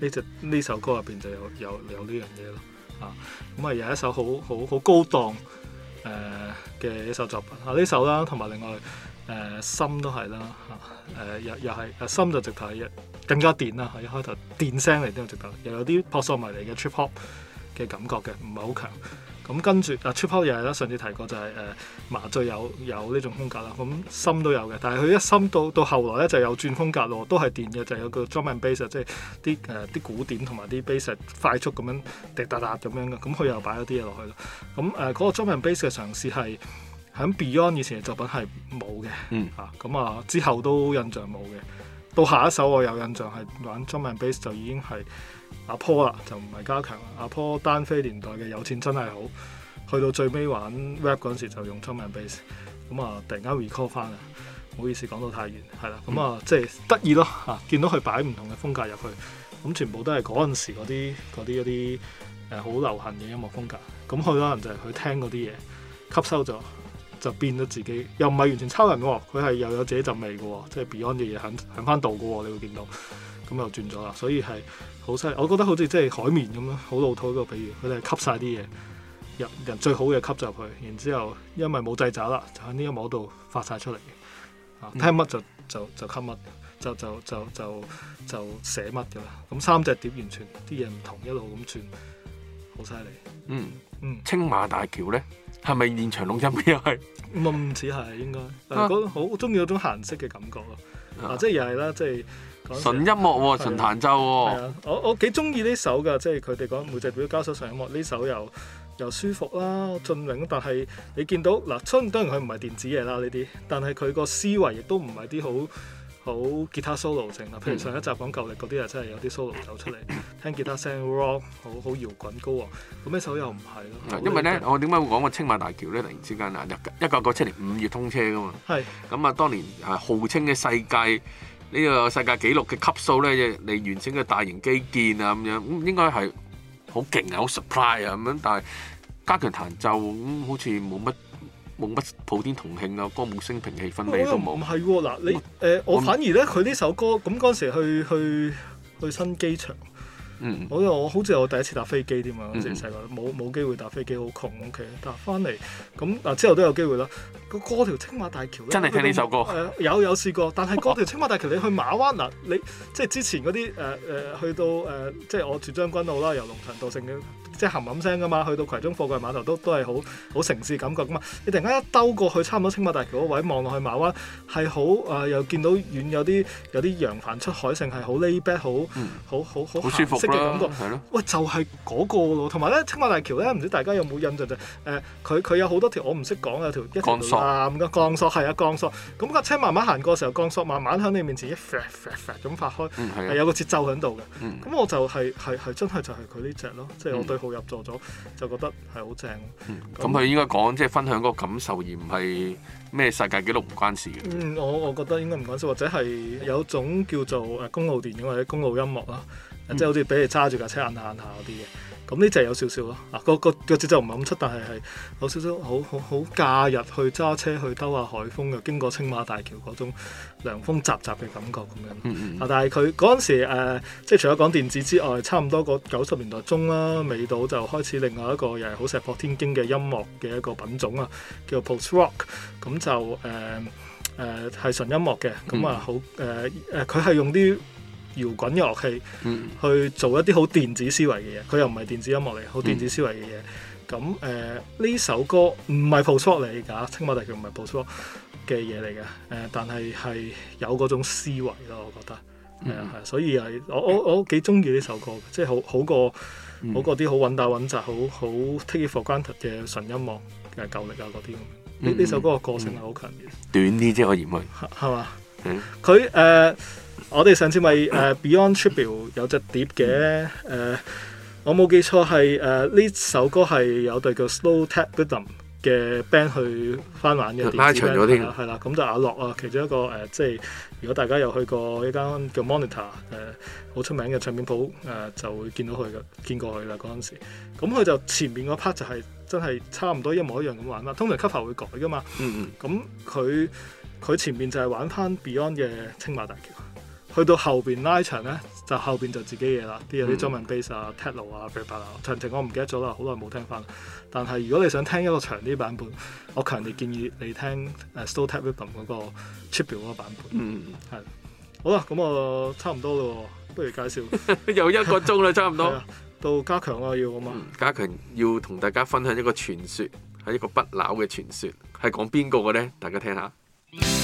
呢隻呢首歌入邊就有有有呢樣嘢咯，咁啊有一首好好好高檔誒嘅一首作品啊呢首啦，同埋另外誒、呃、心都係啦，吓、啊、誒、呃、又又係誒、啊、心就直頭係更加電啦、啊，一開頭電聲嚟，都直頭，又有啲撲朔迷離嘅 trip hop 嘅感覺嘅，唔係好強。咁跟住啊，trip hop 又係啦，上次提過就係、是、誒、啊、麻醉有有呢種風格啦。咁、啊、心都有嘅，但係佢一心到到後來咧就有轉風格咯、啊，都係電嘅，就係、有個 drum and bass、啊、即係啲誒啲鼓點同埋啲 bass 快速咁樣滴嗒嗒咁樣嘅。咁、啊、佢又擺咗啲嘢落去咯。咁誒嗰個 drum and bass 嘅嘗試係喺 Beyond 以前嘅作品係冇嘅，嚇咁、嗯、啊、啊之後都印象冇嘅。到下一首我有印象係玩 drum and bass 就已經係。阿坡啦，Paul, 就唔係加強。阿坡單飛年代嘅有錢真係好，去到最尾玩 rap 嗰陣時就用 Chopin base 咁啊，突然間 recall 翻啊，唔好意思講到太遠係啦。咁啊，即係得意咯嚇、啊，見到佢擺唔同嘅風格入去，咁全部都係嗰陣時嗰啲嗰啲一啲誒好流行嘅音樂風格。咁佢可能就係佢聽嗰啲嘢吸收咗，就變咗自己又唔係完全抄人嘅，佢係又有自己陣味嘅，即係 Beyond 嘅嘢響響翻度嘅。你會見到咁又轉咗啦，所以係。好犀利，我覺得好似即係海綿咁咯，好老土個比喻。佢哋吸晒啲嘢入入最好嘅吸入去，然之後因為冇製造啦，就喺呢一幕度發晒出嚟。啊，睇乜就就就吸乜，就就就就就，就，就寫乜咁。咁三隻碟完全啲嘢唔同，一路咁轉，好犀利。嗯嗯，青、嗯、馬大橋咧，係咪連長龍音又係？唔似係應該，嗰好中意有種閒適嘅感覺咯、啊啊啊。即係又係啦，即係。純音樂喎，純彈奏喎。係啊，我我幾中意呢首噶，即係佢哋講每隻表交手上音樂呢首又又舒服啦，盡領。但係你見到嗱，雖然當然佢唔係電子嘢啦呢啲，但係佢個思維亦都唔係啲好好吉他 solo 性啦。譬如上一集講舊力嗰啲啊，真係有啲 solo 走出嚟，聽吉他聲 rock，好好搖滾高昂。咁呢首又唔係咯。因為咧，我點解會講過青馬大橋咧？突然之間啊，一九九七年五月通車噶嘛。係。咁啊，當年係號稱嘅世界。呢個世界紀錄嘅級數咧，嚟完成嘅大型基建啊，咁樣咁應該係好勁啊，好 surprise 啊咁樣，但係加強彈奏咁，好似冇乜冇乜普天同慶啊，歌舞升平氣氛都冇。唔係喎，嗱你誒、呃，我反而咧，佢呢我首歌咁嗰陣時去去去新機場，嗯，嗯，我我好似我第一次搭飛機添嘛，我之前細個冇冇機會搭飛機，好窮 OK，但係翻嚟咁嗱之後都有機會啦。個過條青馬大橋咧，真係聽呢首歌。哎、有有試過，但係過條青馬大橋， *laughs* 你去馬灣嗱，你即係之前嗰啲誒誒去到誒、呃，即係我住將軍澳啦，由龍翔道成嘅，即係冚冚聲㗎嘛。去到葵涌貨櫃碼頭都都係好好城市感覺㗎嘛。你突然間一兜過去，差唔多青馬大橋嗰位望落去馬灣，係好誒，又見到遠有啲有啲揚帆出海，成係、嗯、很好 lay back，好好好好舒服嘅感覺。喂、哎，就係、是、嗰個咯。同埋咧，青馬大橋咧，唔知大家有冇印象就誒，佢、呃、佢有好多條，我唔識講有條一條。啊咁降速係啊降索。咁、嗯、架車慢慢行過嘅時候降索慢慢喺你面前一發發發咁發開，係、呃、有個節奏喺度嘅。咁我就係係係真係就係佢呢隻咯，即、就、係、是、我對號入座咗，就覺得係好正。咁佢、嗯、麼應該講即係分享嗰個感受而唔係咩世界紀錄唔關事嘅、嗯。我我覺得應該唔關事，或者係有一種叫做誒公路電影或者公路音樂啦，即、嗯、係、嗯、好似俾你揸住架車行行下啲嘅。慢走慢走慢咁呢就有少少咯，嗱個個個節奏唔係咁出，但係係有少少好好好假日去揸車去兜下海風嘅，經過青馬大橋嗰種涼風習習嘅感覺咁樣。但係佢嗰陣時即係除咗講電子之外，差唔多個九十年代中啦，未到就開始另外一個又係好石破天驚嘅音樂嘅一個品種啊，叫 post rock。咁就誒誒係純音樂嘅，咁啊好誒佢係用啲。搖滾嘅樂器、嗯、去做一啲好電子思維嘅嘢，佢又唔係電子音樂嚟，好電子思維嘅嘢。咁誒呢首歌唔係 post rock 嚟㗎，青馬大橋唔係 post rock 嘅嘢嚟嘅。誒、啊，但係係有嗰種思維咯，我覺得係啊係啊。所以係我我我幾中意呢首歌，即係好好過、嗯、好過啲好穩打穩紮、好好 take for granted 嘅純音樂嘅舊力啊嗰啲咁。呢、呃、呢首歌個個性係好強烈，短啲啫，可以為係嘛？佢誒。我哋上次咪 Beyond Tribute 有隻碟嘅，誒、嗯、呃，我冇記錯係誒，呢首歌係有隊叫 Slow Taphythm 嘅 band 去翻玩嘅，嗯、碟子 band, 長咗啦，咁就阿樂啊，其中一個誒、呃、即係如果大家有去過一間叫 Monitor 誒、呃、好出名嘅唱片鋪誒、呃、就會見到佢嘅，見過佢啦嗰陣時。咁佢就前面嗰 part 就係、是、真係差唔多一模一樣咁玩啦。通常 cover 會改噶嘛，嗯嗯，咁佢佢前面就係玩翻 Beyond 嘅青馬大橋。去到後邊拉長咧，就後邊就自己嘢啦。啲、mm hmm. 有啲中文 w Bass 啊、Tattoo 啊、r e 啊，詳情我唔記得咗啦，好耐冇聽返。但係如果你想聽一個長啲版本，我強烈建議你聽誒 s t o w Tap Rhythm 嗰個 Chill 版嗰個版本。嗯、hmm. 嗯 聽、mm，係。好啦，咁我差唔多啦喎，不如介紹 *laughs* 又一個鐘啦，差唔多、 *laughs* 啊、到加強啦要啊嘛、嗯。加強要同大家分享一個傳説，係一個不朽嘅傳説，係講邊個嘅咧？大家聽下。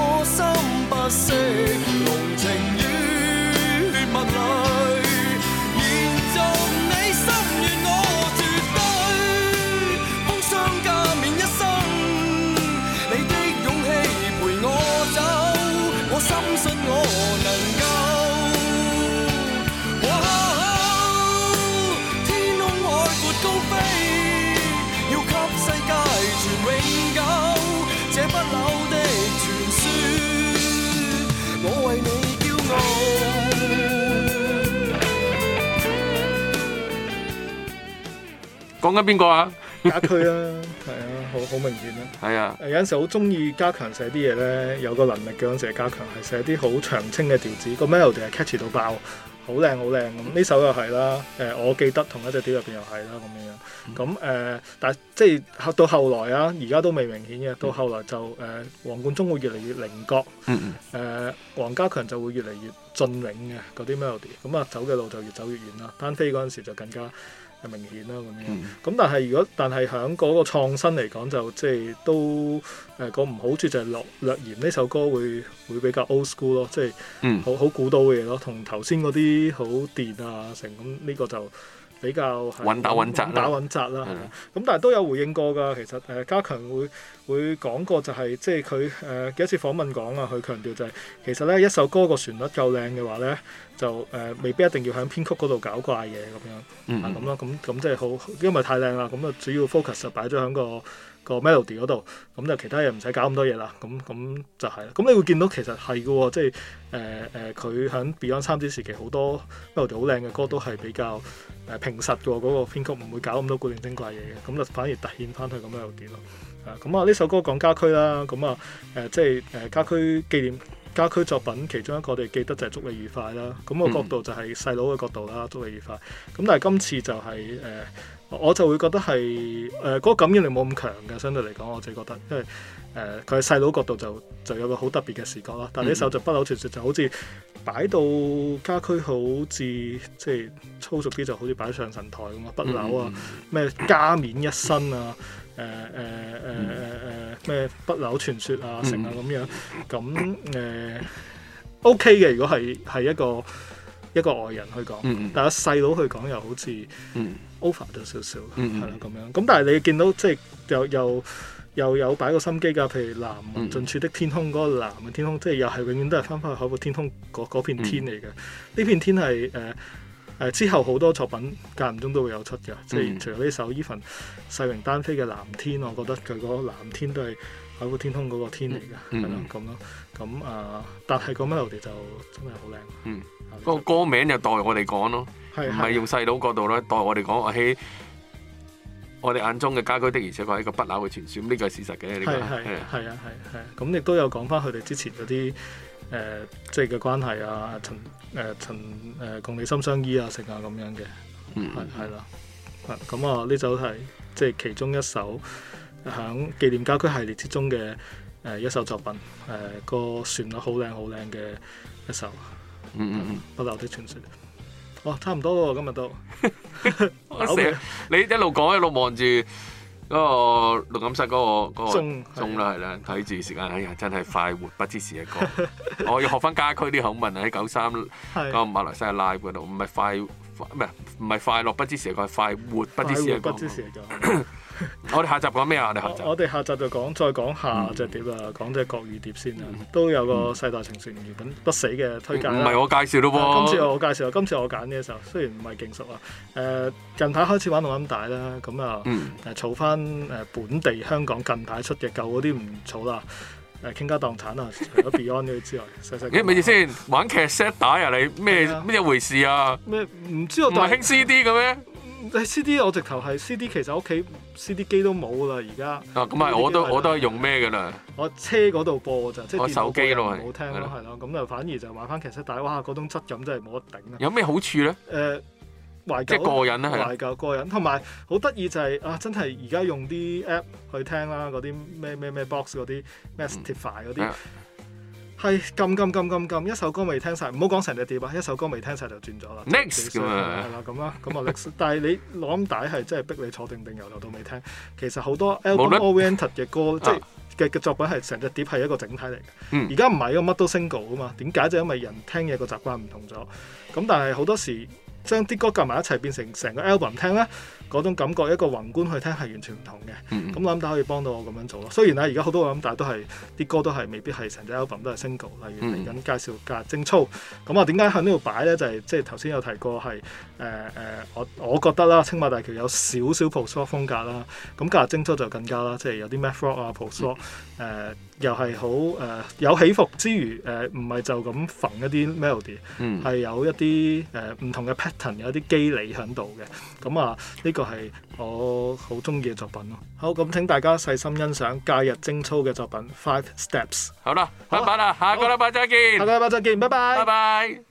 講緊邊個啊？家駒啦，係啊，好好明顯啦。係啊，啊，有陣時好中意家強寫啲嘢咧，有個能力嘅，嗰陣時家強，係寫啲好長青嘅調子，個 melody 係 catchy 到爆，好靚好靚咁。呢首又係啦，誒、呃，我記得同一隻碟入邊又係啦，咁樣樣。咁誒，但即係到後來啊，而家都未明顯嘅，到後來就誒、呃，黃貫中會越嚟越稜角，誒、呃，黃家強就會越嚟越雋永嘅嗰啲 melody。咁啊、嗯，走嘅路就越走越遠啦。單飛嗰陣時就更加。係明顯啦咁樣，咁但係如果但係喺嗰個創新嚟講，就即係都誒、呃，嗰個唔好處就係《落略鹽》呢首歌會會比較 old school 咯，即係好好古老嘅嘢咯，同頭先嗰啲好電啊成咁呢個就。比較穩打穩紮啦，咁但係都有回應過㗎。其實誒，加強會會講過就係，即係佢誒幾多次訪問講啊，佢強調就係其實咧一首歌個旋律夠靚嘅話咧，就誒未必一定要喺編曲嗰度搞怪嘅咁樣咁咯。咁咁即係好，因為太靚啦，咁啊主要 focus 就擺咗喺個。個 melody 嗰度，咁就其他嘢唔使搞咁多嘢啦，咁咁就係啦。咁你會見到其實係喎，即係誒誒佢喺 Beyond 三子時期好多 Melody 好靚嘅歌，都係比較誒平實㗎喎嗰個編曲，唔會搞咁多古靈精怪嘢嘅，咁就反而突顯翻佢個 melody 咯。啊，咁啊呢首歌講家駒啦，咁啊誒即係誒家駒紀念家駒作品其中一個我哋記得就係祝你愉快啦。咁個角度就係細佬嘅角度啦，祝你愉快。咁但係今次就係誒。我就會覺得係誒嗰個感染力冇咁強嘅，相對嚟講，我自己覺得，因為誒佢細佬角度就就有個好特別嘅視角咯。但係呢首就《不朽傳說》就好似擺到家居好，好似即係粗俗啲就好似擺上神台咁啊！不朽啊，咩加冕一身啊，誒誒誒誒誒咩《呃嗯呃呃呃、不朽傳說》啊，嗯、成啊咁樣咁誒、呃、OK 嘅。如果係係一個一個外人去講，嗯、但係細佬去講又好似。嗯 over 咗少少，係啦咁樣。咁但係你見到即係又又又有擺個心機㗎。譬如藍，盡處的天空嗰個藍嘅天空，即係又係永遠都係翻返去海闊天空嗰片天嚟嘅。呢片天係誒誒之後好多作品間唔中都會有出嘅。即係除咗呢首伊份世榮單飛嘅藍天，我覺得佢嗰藍天都係海闊天空嗰個天嚟嘅，係啦咁咯。咁啊，但係個 melody 就真係好靚。嗯，嗰個歌名就代我哋講咯。唔係用細佬角度咧，代我哋講，喺我哋眼中嘅家居，的而且確係一個不朽嘅傳說。呢個係事實嘅。係係係啊係。係咁是，亦都有講翻佢哋之前嗰啲誒，即係嘅關係啊，陳誒陳誒共你心相依啊，成啊咁樣嘅。係係啦。咁啊，呢首係即係其中一首響紀念家居系列之中嘅誒一首作品。誒、嗯，個旋律好靚好靚嘅一首。不、嗯、朽、嗯、的傳說。嗯嗯嗯哦，差唔多喎，今日都， *laughs* Okay. 你一路講一路望住嗰個錄音室嗰個嗰個鐘啦，係、那、啦、個，睇住送的時間，哎呀，真係快活不知時日過， *laughs* 我要學翻家駒啲口文喺九三嗰個馬來西亞 live 度，唔係快，唔係唔係快樂不知時日過，係快活不知時日過。 *laughs* 我哋下集講咩啊？我哋下集我哋下集就講，再講下隻碟啊，講隻、嗯、國語碟先啊，嗯、都有個世代情傳原本不死嘅推介。唔係、嗯、我介紹咯喎，今次我介紹，今次我揀呢個時候，雖然唔係勁熟啊，誒近排開始玩到咁大啦，咁、嗯、啊，誒，儲翻誒本地香港近排出嘅舊嗰啲唔儲啦，誒、啊、傾家蕩產啊，除咗 Beyond 啲之外，細細咦？咪住先玩劇 set 打啊？打你咩咩回事啊？咩唔知道？唔係興 CD 嘅咩？C D 我直頭係 C D，其實屋企 C D 機都冇噶啦，而家。啊，咁啊機，我都的我都係用咩噶啦？我車嗰度播就即係手機咯，冇聽咯，係咯的，咁的就反而就玩翻其實大家哇，嗰種質感真係冇得頂啊！有咩好處咧？誒、呃，懷舊即係過癮啦，懷舊過癮，同埋好得意就係、是、啊，真係而家用啲 app 去聽啦，嗰啲咩咩咩 box 嗰啲，Spotify 嗰啲。些係，撳撳撳撳撳，一首歌未聽晒，唔好講成隻碟啊！一首歌未聽晒就轉咗啦，next 係啦，咁啦嘛，咁啊， *laughs* 但係你攬大係真係逼你坐定定由頭到尾聽。其實好多 album-oriented 嘅歌，即係嘅嘅作品係成隻碟係一個整體嚟嘅。而家唔係一個乜都 single 啊嘛。點解就因為人聽嘢個習慣唔同咗。咁但係好多時。將啲歌夾埋一齊變成成個 album 聽咧，嗰種感覺一個宏觀去聽係完全唔同嘅。咁我諗大家可以幫到我咁樣做咯。雖然而家好多我諗帶都係啲歌都係未必係成隻 album 都係 single。例如嚟緊介紹《假日精操》。咁、mm hmm. 啊點解喺呢度擺咧？就係即係頭先有提過係誒誒，我我覺得啦，青馬大橋有少少 post rock 風格啦，咁《假日精操》就更加啦，即係有啲咩 math 啊 post rock、mm hmm. 呃又係好誒有起伏之餘誒，唔、呃、係就咁縫一啲 melody，係、嗯、有一啲誒唔同嘅 pattern，有一啲肌理喺度嘅。咁啊，呢、這個係我好中意嘅作品咯。好，咁請大家細心欣賞假日精操嘅作品《Five Steps》。好吧。好啦吧，拜拜啦，下個禮拜再見。吧下個禮拜再見，拜拜。拜拜。